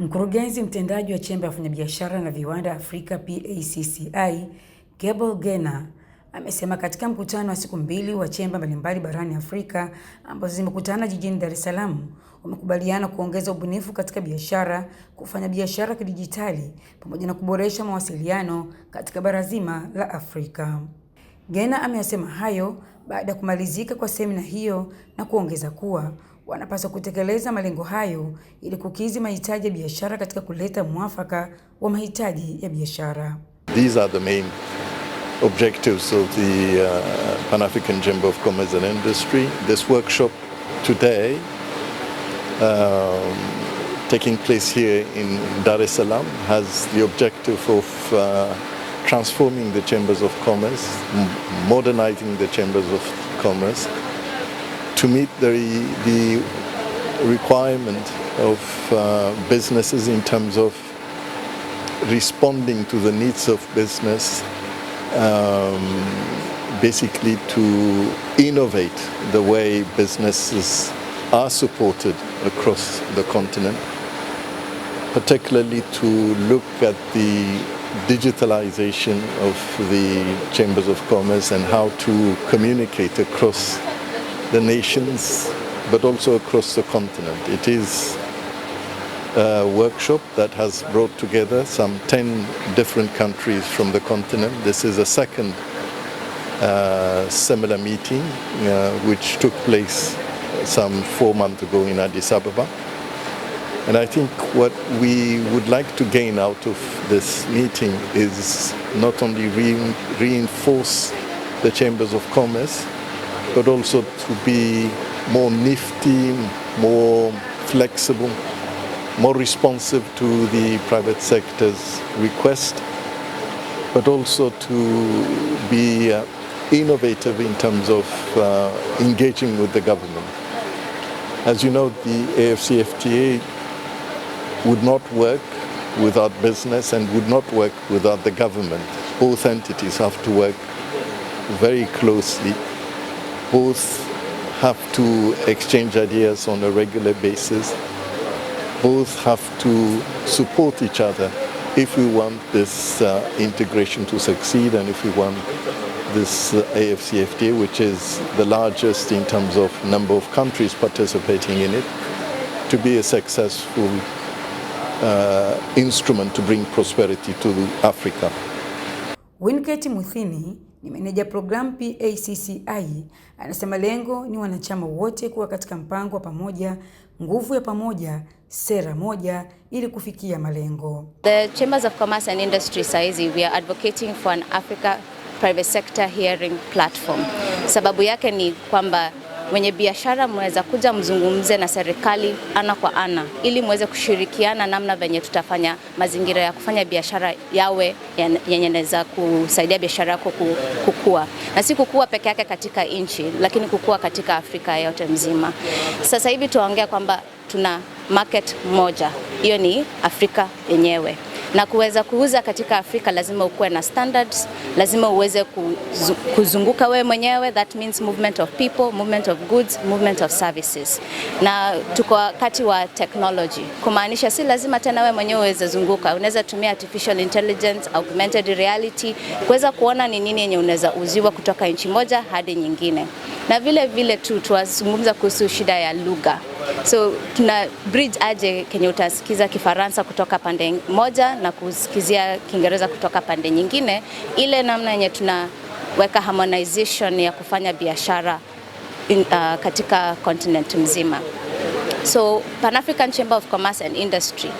Mkurugenzi mtendaji wa Chemba ya Wafanyabiashara na Viwanda Afrika PACCI, Gable Gena amesema katika mkutano wa siku mbili wa chemba mbalimbali barani Afrika ambazo zimekutana jijini Dar es Salaam, wamekubaliana kuongeza ubunifu katika biashara, kufanya biashara kidijitali pamoja na kuboresha mawasiliano katika bara zima la Afrika. Gena ameyasema hayo baada ya kumalizika kwa semina hiyo na kuongeza kuwa wanapaswa kutekeleza malengo hayo ili kukidhi mahitaji ya biashara katika kuleta mwafaka wa mahitaji ya biashara. These are the main objectives of the uh, Pan African Chamber of Commerce and Industry. This workshop today um, taking place here in Dar es Salaam has the objective of uh, transforming the chambers of commerce, modernizing the chambers of commerce to meet the, the requirement of uh, businesses in terms of responding to the needs of business, um, basically to innovate the way businesses are supported across the continent, particularly to look at the digitalization of the chambers of commerce and how to communicate across the nations, but also across the continent. It is a workshop that has brought together some 10 different countries from the continent. This is a second uh, similar meeting uh, which took place some four months ago in Addis Ababa. And I think what we would like to gain out of this meeting is not only re reinforce the chambers of commerce, but also to be more nifty, more flexible, more responsive to the private sector's request, but also to be uh, innovative in terms of uh, engaging with the government. As you know, the AFCFTA would not work without business and would not work without the government. Both entities have to work very closely both have to exchange ideas on a regular basis. Both have to support each other if we want this uh, integration to succeed and if we want this uh, AFCFTA, which is the largest in terms of number of countries participating in it, to be a successful uh, instrument to bring prosperity to Africa. Wingate Muthini ni meneja programu PACCI anasema lengo ni wanachama wote kuwa katika mpango wa pamoja, nguvu ya pamoja, sera moja ili kufikia malengo. The Chambers of Commerce and Industry saizi we are advocating for an Africa private sector hearing platform. Sababu yake ni kwamba wenye biashara mweza kuja mzungumze na serikali ana kwa ana, ili mweze kushirikiana namna venye tutafanya mazingira ya kufanya biashara yawe yenye naweza kusaidia biashara yako kukua, na si kukua peke yake katika nchi, lakini kukua katika Afrika yote mzima. Sasa hivi tuongea kwamba tuna market moja, hiyo ni Afrika yenyewe na kuweza kuuza katika Afrika lazima ukuwe na standards, lazima uweze kuzunguka wewe mwenyewe, that means movement of people, movement of goods, movement of services. Na tuko wakati wa technology, kumaanisha si lazima tena wewe mwenyewe uweze zunguka, unaweza tumia artificial intelligence, augmented reality kuweza kuona ni nini yenye unaweza uziwa kutoka nchi moja hadi nyingine, na vile vile tu tuwazungumza kuhusu shida ya lugha. So tuna bridge aje kenye utasikiza Kifaransa kutoka pande moja na kusikizia Kiingereza kutoka pande nyingine, ile namna yenye tunaweka harmonization ya kufanya biashara uh, katika continent mzima. So Pan African Chamber of Commerce and Industry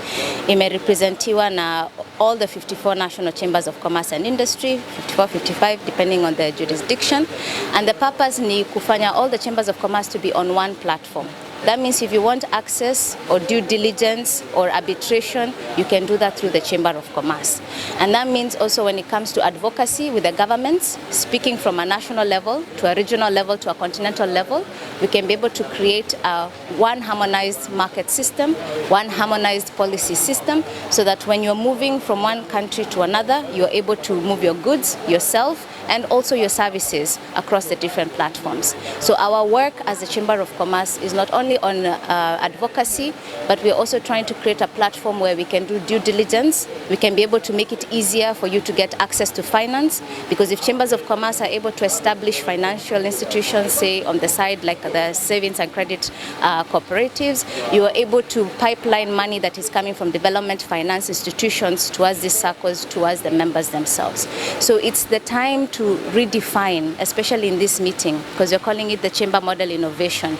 imerepresentiwa na all the 54 national chambers of commerce and industry 54 55 depending on the jurisdiction and the purpose ni kufanya all the chambers of commerce to be on one platform That means if you want access or due diligence or arbitration, you can do that through the Chamber of Commerce. And that means also when it comes to advocacy with the governments, speaking from a national level to a regional level to a continental level, we can be able to create a one harmonized market system, one harmonized policy system, so that when you're moving from one country to another, you're able to move your goods yourself and also your services across the different platforms. So our work as the Chamber of Commerce is not only on uh, advocacy, but we're also trying to create a platform where we can do due diligence. We can be able to make it easier for you to get access to finance, because if Chambers of Commerce are able to establish financial institutions, say on the side like the savings and credit uh, cooperatives, you are able to pipeline money that is coming from development finance institutions towards these circles, towards the members themselves. So it's the time to to redefine, especially in this meeting, because you're calling it the chamber model innovation.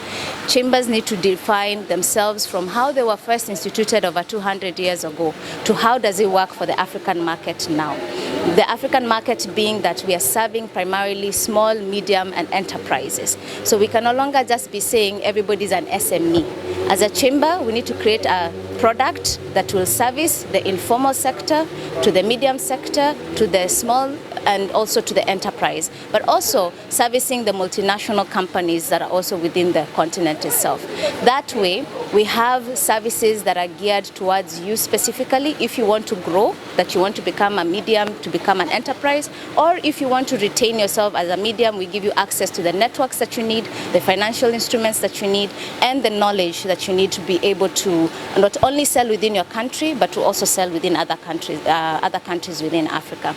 Chambers need to define themselves from how they were first instituted over 200 years ago to how does it work for the African market now. The African market being that we are serving primarily small, medium, and enterprises. So we can no longer just be saying everybody's an SME. As a chamber, we need to create a product that will service the informal sector, to the medium sector, to the small and also to the enterprise, but also servicing the multinational companies that are also within the continent itself. That way, We have services that are geared towards you specifically if you want to grow, that you want to become a medium, to become an enterprise, or if you want to retain yourself as a medium, we give you access to the networks that you need, the financial instruments that you need, and the knowledge that you need to be able to not only sell within your country, but to also sell within other countries, uh, other countries within Africa.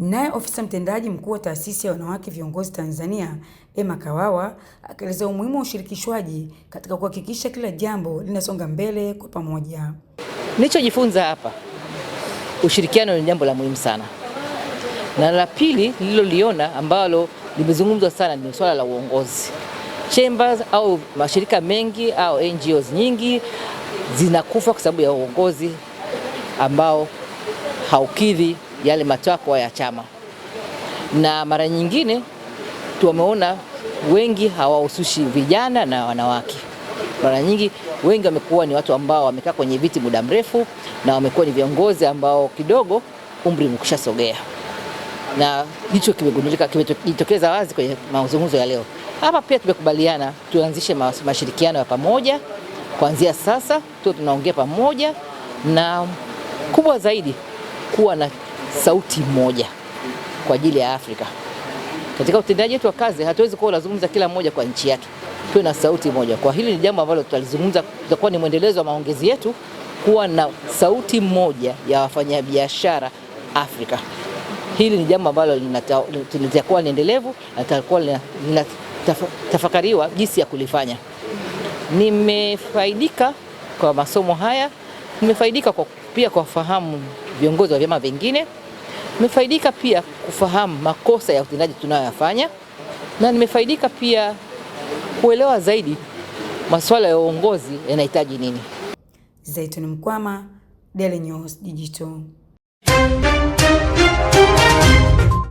Naye ofisa mtendaji mkuu wa taasisi ya wanawake viongozi Tanzania Emma Kawawa akaeleza umuhimu wa ushirikishwaji katika kuhakikisha kila jambo linasonga mbele kwa pamoja. Nilichojifunza hapa, ushirikiano ni jambo la muhimu sana, na la pili nililoliona ambalo limezungumzwa sana ni swala la uongozi. Chambers au mashirika mengi au NGOs nyingi zinakufa kwa sababu ya uongozi ambao haukidhi yale matakwa ya chama, na mara nyingine tumeona wengi hawahusushi vijana na wanawake. Mara nyingi wengi wamekuwa ni watu ambao wamekaa kwenye viti muda mrefu na wamekuwa ni viongozi ambao kidogo umri umekushasogea, na hicho kimegundulika, kimejitokeza wazi kwenye mazungumzo ya leo hapa. Pia tumekubaliana tuanzishe mashirikiano ya pamoja kuanzia sasa, tu tunaongea pamoja na kubwa zaidi kuwa na sauti moja kwa ajili ya Afrika. Katika utendaji wetu wa kazi hatuwezi kuwa unazungumza kila mmoja kwa nchi yake, tuwe na sauti moja. Kwa hili ni jambo ambalo tutalizungumza, tutakuwa ni mwendelezo wa maongezi yetu kuwa na sauti moja ya wafanyabiashara Afrika. Hili ni jambo ambalo litakuwa ni endelevu na litakuwa linatafakariwa jinsi ya kulifanya. Nimefaidika kwa masomo haya, nimefaidika kwa, pia kwa fahamu viongozi wa vyama vingine Nimefaidika pia kufahamu makosa ya utendaji tunayoyafanya, na nimefaidika pia kuelewa zaidi masuala ya uongozi yanahitaji nini. Zaituni Mkwama, Daily News Digital.